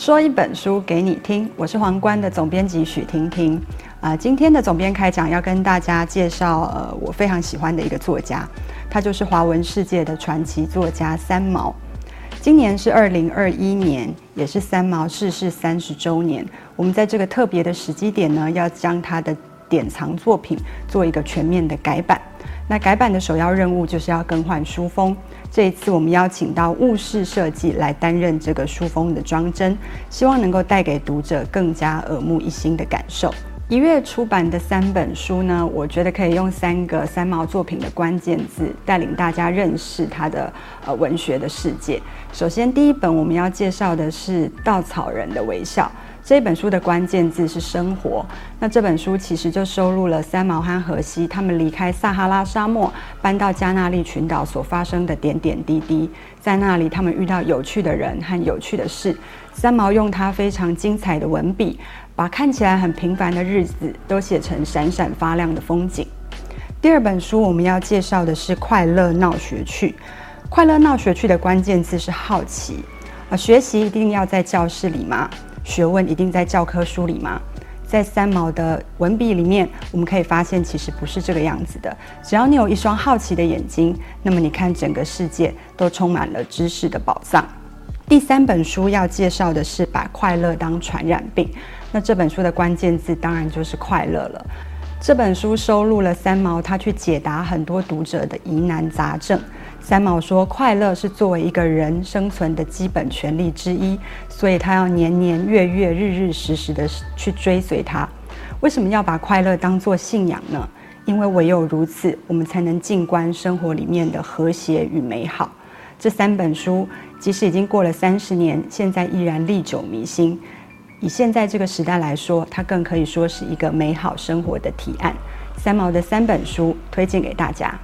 說一本書給你聽，我是皇冠的總編輯許婷婷，啊、呃，今天的總編開講要跟大家介紹，呃，我非常喜歡的一個作家，他就是華文世界的傳奇作家三毛。今年是二零二一年，也是三毛逝世三十周年。我們在這個特別的時機點呢，要將他的典藏作品做一個全面的改版，那改版的首要任務就是要更換書封。這一次我們邀請到霧室設計來擔任這個書封的裝幀，希望能夠帶給讀者更加耳目一新的感受。一月出版的三本書呢，我覺得可以用三個三毛作品的關鍵字，帶領大家認識他的呃文學的世界。首先，第一本我們要介紹的是《稻草人的微笑》。這本書的關鍵字是生活。那這本書其實就收錄了三毛和荷西他們離開撒哈拉沙漠，搬到加納利群島所發生的點點滴滴。在那裡，他們遇到有趣的人和有趣的事。三毛用他非常精彩的文筆，把看起來很平凡的日子都寫成閃閃發亮的風景。第二本書我們要介紹的是《快樂鬧學去》。《快樂鬧學去》的關鍵字是好奇。啊，學習一定要在教室裡嗎？學問一定在教科書裡嗎？在三毛的文筆裡面，我們可以發現其實不是這個樣子的。只要你有一雙好奇的眼睛，那麼你看整個世界都充滿了知識的寶藏。第三本書要介紹的是《把快樂當傳染病》，那這本書的關鍵字當然就是快樂了。這本書收錄了三毛，他去解答很多讀者的疑難雜症。三毛說，快樂是作為一個人生存的基本權利之一，所以他要年年月月日日時時的去追隨它。為什麼要把快樂當作信仰呢？因為唯有如此，我們才能靜觀生活裡面的和諧與美好。這三本書，即使已經過了三十年，現在依然歷久彌新。以現在這個時代來說，它更可以說是一個美好生活的提案。三毛的三本書推薦給大家。